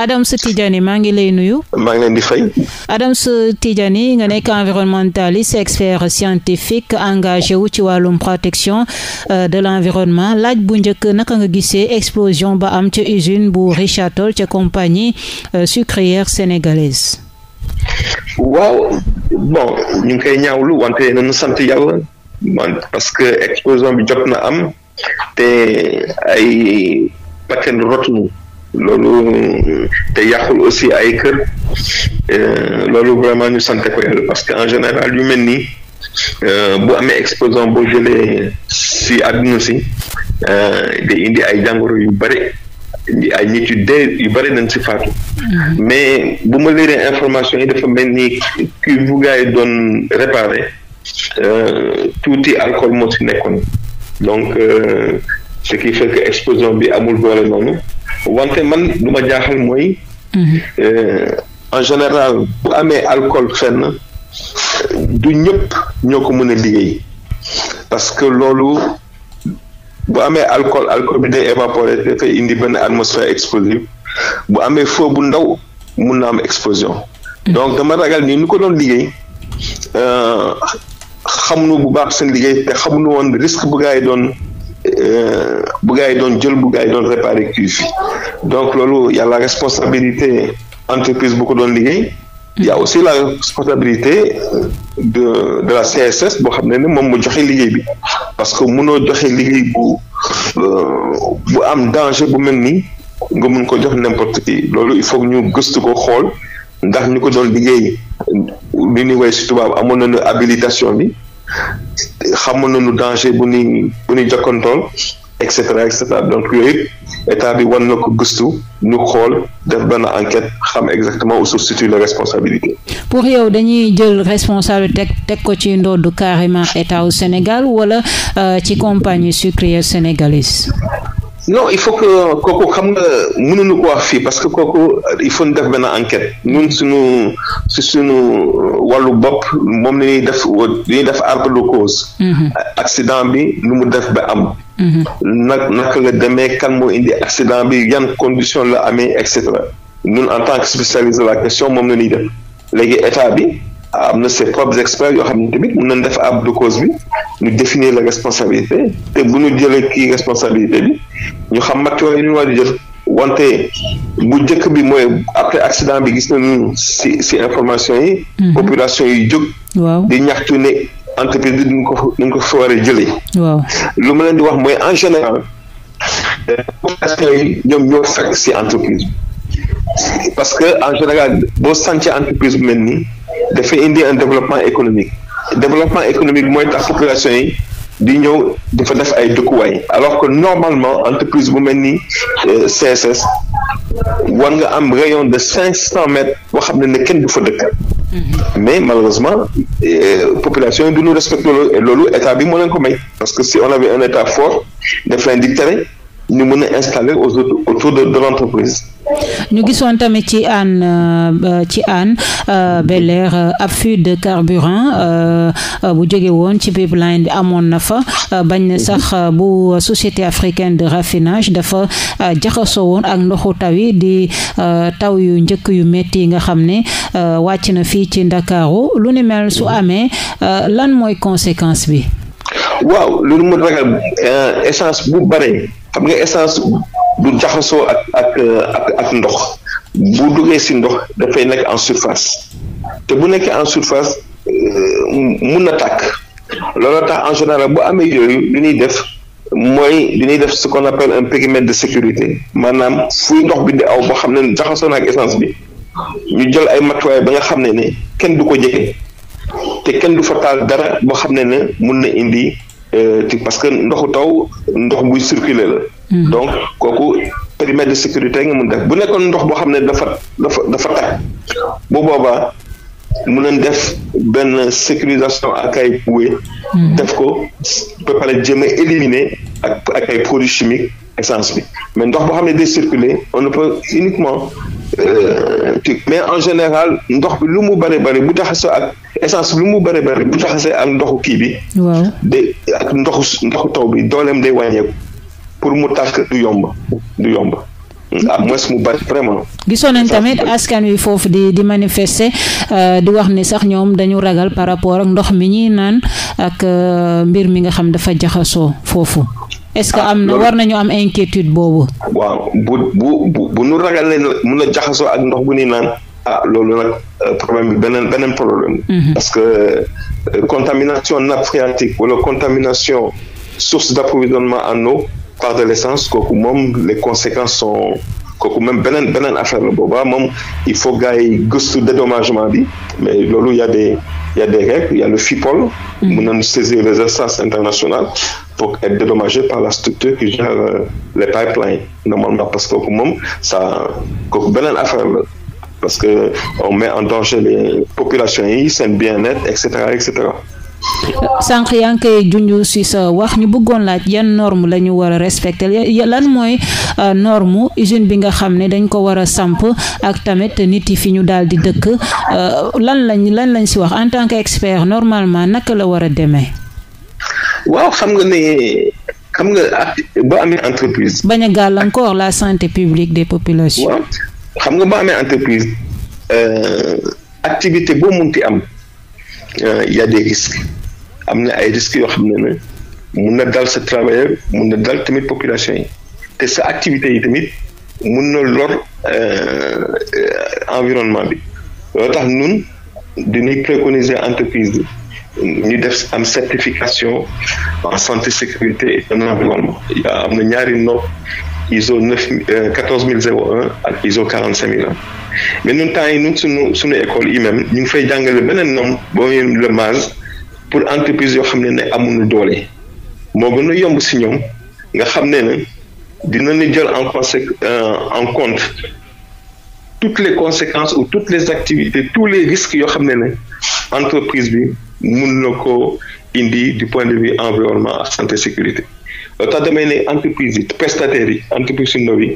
Adams Tidjani maa ngi lay nuyu. maa ngi leen di fay. Adams Tidjani nga nekk environnementaliste expert scientifique engagé wu ci wàllum protection euh, de l' environnement laaj bu njëkk naka nga gisee explosion ba am ca usine bu Richard Toll ca compagnie euh, sucrière sénégalaise. waaw ñu ngi koy ñaawlu wante nañu sant yàlla parce que explosion bi jot na am te ay bakkan rotunu loolu te yàqul aussi ay kër euh, loolu vraiment ñu sant ko yàlla parce que en général yu mel nii euh, bu amee exposant boo jëlee si àdduna si euh, day indi ay jàngoro yu bëri ay nit yu dee yu bëri dañ si faatu mm-hmm. mais bu ma leeree information yi dafa mel ni kii bu yi doon réparé tuuti alcool moo ci nekkoon donc ce qui fait que exposant bi amul doole noonu wante man lu ma jaaxal mooy. Mhm. Euh, en général bu amee alcool fenn du ñëpp ñoo ko mën a liggéey parce que loolu bu amee alcool alcool bi day évaporer dafay indi benn atmosphère explosive bu amee feu bu ndaw mun na am explosion. Mhm. donc dama ragal nii nu ko doon liggéey euh, xam nu bu baax seen liggéey te xamuñu woon risque bu gaa yi doon. Euh, bu gars yi doon jël bu gars yi doon réparer cuivre donc loolu y a la responsabilité entreprise bu ko doon liggéey y a aussi la responsabilité euh, de de la CSS boo xam ne ne moom moo joxe liggéey bi parce que mënoo joxe liggéey bu euh, bu am danger bu mel nii nga mun ko jox n'importe ki loolu il faut ñu gëstu ko xool ndax ñu ko doon liggéey li ñuy woy si tubaab amoon na nañu habilitation bi xamal nañu danger bu ñuy bu ñuy jokkantool et cetera et cetera donc yooyu yëpp état bi war na ko gustu ñu xool def benn enquête xam exactement où se situe la responsabilité. pour yow dañuy jël responsabilité teg ko ci ndoddu carrément état au Sénégal wala euh, ci compagnie sucrière sénégalaise. non il faut que kooku xam nga mënuñu ko wax fii parce que kooku il faut ñu def benn enquête ñun suñu si suñu wàllu bopp moom la ñuy def li ñuy def arbre de cause. Mhm. accident bi lu mu def ba am. Mhm. nag naka la demee kan moo indi accident bi yan condition la amee et cetera ñun en tant que spécialiste la question moom la ñuy def léegi état bi. am na se propres experts yoo xam ni tamit mën nañ def ab de cause bi ñu définir la responsabilité te bu ñu jëlee kii responsabilité bi ñu xam matuwaay yi ñu war a jël wante bu njëkk bi mooy après accident bi gis na si si information yi. Mhm. population yi jóg. waaw di ñaxtu ne entreprise bi duñ ko duñ ko fa war a jëlee. waaw lu ma leen di wax mooy en général. population ñoom ñoo fekk si entreprise parce que en général boo sàncee entreprise bu mel nii. dafa indi un développement économique développement économique mooy tax population yi di ñëw du fa def ay dëkkuwaay alors que normalement entreprise bu mel ni euh, CSS war nga am rayon de cinq cent mètres boo xam ne ne kenn du fa dëkk mhm. mais malheureusement euh, population yi du ñu respecte loolu et état bi moo leen ko may parce que si on avait un état fort daf leen di tere ñu mën a installer autour de de ñu gisoon tamit ci aan euh, ci aan euh, Bel Air euh, ab fuite de carburant bu jóge woon ci pipeline bi amoon na fa bañ na sax bu société africaine de raffinage dafa jaxasoo woon ak ndoxu taw yi di taw yu njëkk yu metti yi nga xam ne wàcc na fii ci Ndakaaru lu ni mel su amee lan mooy conséquence bi. waaw loolu moo ragal essence bu bare. xam nga essence du jaxasoo ak ak ak ndox bu duggee si ndox dafay nekk en surface te bu nekkee en surface euh, mun na tàkk loolu tax en général bu amee yooyu lu ñuy def mooy li ñuy def ce qu'on appelle un périmètre de sécurité maanaam fuy ndox bi di aw boo xam ne jaxasoo na ak essence bi ñu jël ay matuwaay ba nga xam ne ne kenn du ko jege te kenn du fa dara boo xam ne ne mun na indi ci euh, parce que ndoxu taw ndox buy circuler la. Mm-hmm. donc kooku périmètre de sécurité nga mun def bu nekkoon ndox boo xam ne dafa dafa dafa tag bu boobaa mun nañ def benn sécurisation ak ay bouée. Mm-hmm. def ko ba pare jëm a éliminer ak ak ay produits chimiques essence bi mais ndox boo xam ne day circuler on ne peut uniquement euh, mais en général ndox bi lu mu bari bari bu tax sa ak. essence lu mu bëri bëri bu taxasee am ndoxu kii bi. waaw de ak ndoxu ndoxu taw bi dooleem day wàññeeku pour mu tàkk du yomb du yomb. à moins mu bari vraiment. gisoon nañ tamit askan wi foofu di di manifester euh, di wax ni sax ñoom dañu ragal par rapport ak ndox mi ñuy naan ak euh, mbir mi nga xam dafa jaxasoo foofu. est-ce que ah, am na war nañu am inquiétude boobu. waaw bu bu bu bu nu ragalee mun a jaxasoo ak ndox bu ñuy naan. ah loolu nag euh, problème bi beneen beneen problème. Mhm. parce que euh, contamination nappe phréatique wala contamination source d'approvisionnement en eau par de l'essence kooku moom les conséquences sont kooku même beneen beneen affaire la boobaa moom il faut gars yi gëstu dédommagement bi mais loolu y a des y a des règles y a le FIPOL. Mhm. mën nañu saisir les instances internationales pour être dédommagé par la structure qui gère euh, les pipelines normalement parce que kooku moom ça kooku beneen affaire parce que on met en danger les populations yi seen bien-être et cetera et cetera. sànq yaa ngi si sa wax ñu bëggoon laaj yan norme la ñu war a respecté lan mooy euh, norme usine bi nga xam ne dañ ko war a samp ak tamit nit yi fi ñu daal di dëkk euh, lan lañ lan lañ si wax en tant que qu'expert normalement naka la war a demee. waaw xam nga ne xam nga ba amee entreprise. bañ a gàllankoor la santé publique des populations. Ouais. xam nga boo amee entreprise euh, activité boo munti am euh, y a risques am na ay risques yoo xam ne ne mun na dal sa travailleur mun na dal tamit population yi te sa activité yi tamit mun na lor euh, environnement bi loolu tax nun dañuy préconiser entreprise bi ñu def am certification en santé sécurité et environnement am na ñaari no ISO 9 14001 euh, ak ISO 45001 mais ñun temps yi ñun suñu suñu école yi même ñu ngi fay jàngale beneen nom boo le MAS pour entreprise yoo xam ne ne amuñu doole moo gën a yomb si ñoom nga xam ne ne dinañu jël en consé euh, en compte toutes les conséquences ou toutes les activités tous les risques yoo xam ne ne entreprise bi mun na ko indi du point de vue environnement santé sécurité ta demee ne entreprise yi prestataires yi entreprise yu ndaw yi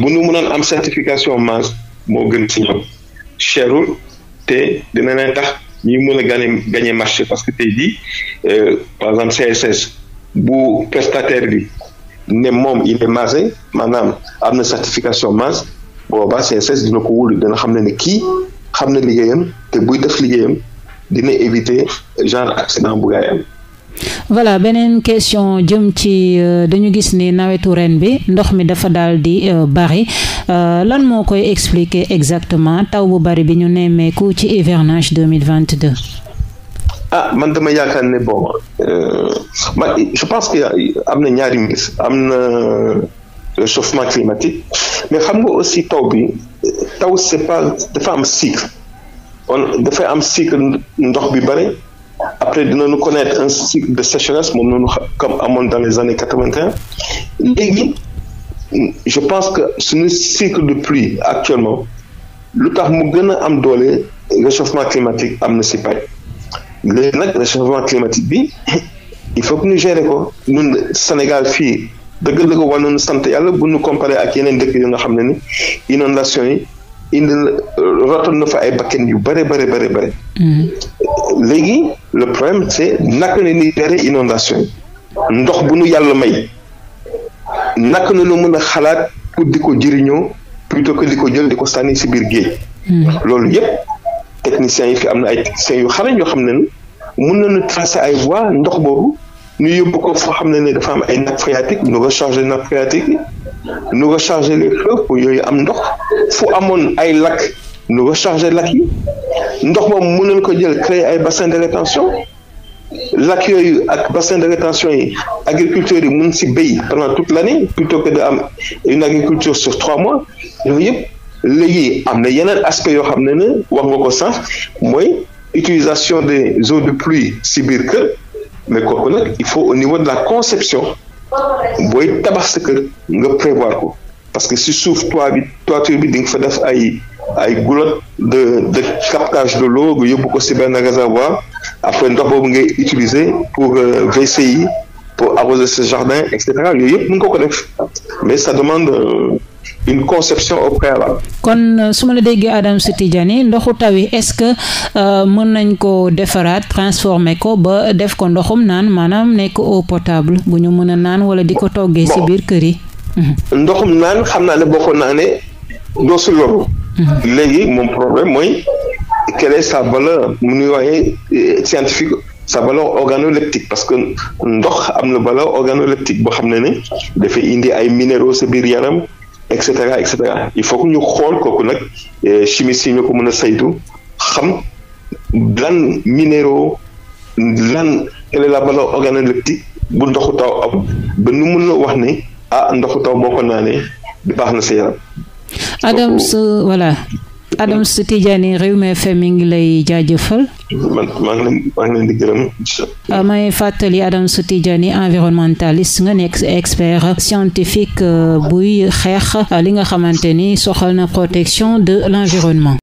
bu ñu mënoon am certification masse moo gën si ñoom cherul te dina leen tax ñuy mën a gagné gagné marché parce que tey jii euh, par exemple CSS bu prestataire bi ne moom il est masé maanaam am na certification masse boobaa CSS dina ko wóolu dina xam na ne kii xam na liggéeyam te buy def liggéeyam dina éviter genre accident bu gaay voilà beneen question jëm ci euh, dañu gis ni nawetu ren bi ndox mi dafa daal di euh, bari euh, lan moo koy expliquer exactement taw bu bari bi ñu nemmeeku ci hivernage 2022 ah man dama yaakaar ne bon ma je pense que am na ñaari mbir am na réchauffement climatique mais xam nga aussi taw bi taw c'est pas dafa am cycle on am cycle ndox bi bari après dinañu connaître un cycle de sécheresse moom noonu comme amoon dans les années quatre vingt je pense que suñu cycle de plus actuellement lu tax mu gën a am doole réchauffement climatique am na si pay léegi nag réchauffement climatique bi il faut que ñu gérer ko ñun Sénégal fii dëgg le ko war nañu sant yàlla bu ñu comparé ak yeneen dëkk yi nga xam ne ni inondation yi indi rotoon na fa ay bakkan yu bare bare bare bare mm-hmm. léegi le problème c'est naka la ñuy gérer inondation ndox bu nu yàlla may nakk na ñu mën a xalaat pour di ko jëriñoo plutôt que di ko jël di ko sànni si biir géej mm-hmm. loolu yëpp techniciens yi fi am na ay techniciens yu xarañ yoo xam ne na nañu tracer ay voies ndox boobu ñu yóbbu ko foo xam ne ne dafa am ay nappe phréatique ñu recharger nappe phréatique yi ñu recharger les fleuves pour yooyu am ndox fu amoon ay lakk ñu recharger lac yi ndox moom mënoon ko jël créer ay bassin de rétention lac yooyu ak bassen de rétention yi agriculteurs yi mun si béy pendant toute l'année plutôt que de am une agriculture sur trois mois yooyu yëpp léegi am na yeneen aspect yoo xam ne ne wax nga ko sax mooy utilisation des eaux de pluie si biir kër mais kooku nag il faut au de la conception booy tabax sa kër nga prévoir ko parce que si suuf toit bi toiture bi di nga fa def ay ay goulotte de de captage de l'eau nga yóbbu ko si benn réservoir après ndox boobu ngay utiliser pour euh, WC yi pour arroser ce jardin et cetera yooyu yëpp mën nga ko def mais ça demande euh, une conception au kon euh, su ma la déggee Adamz Tidjani ndoxu taw yi est-ce que euh, mën nañ ko defaraat transformer ko ba def ko ndoxum naan maanaam nekk eau potable bu ñu mën a naan wala di ko toggee. ci biir kër yi. Mhm. ndoxum naan xam naa ne boo ko naanee doo si loru. Mhm. léegi moom problème mooy quelle sa valeur mu ñuy waxee euh, scientifique. sa valeur organoleptique parce que ndox am na valeur organoleptique boo xam ne ne dafay indi ay minéraux sa biir yaram. et cetera et cetera il faut que ñu xool kooku nag eh, chimiste yi ñoo ko mën a saytu xam lan minéro lan quelle est la valeur organoleptique bu ndoxu taw am ba nu mën a wax ne ah ndoxu taw boo ko naanee baax na sa Adams voilà. Adams Tidjani Rewmi FM mi ngi lay jaajëfal. ngi leen maa ngi leen di gërëm. Ah, may fàttali Adams Tidjani environnementaliste nga nekk expert scientifique euh, buy xeex li nga xamante ni soxal na protection de l'environnement.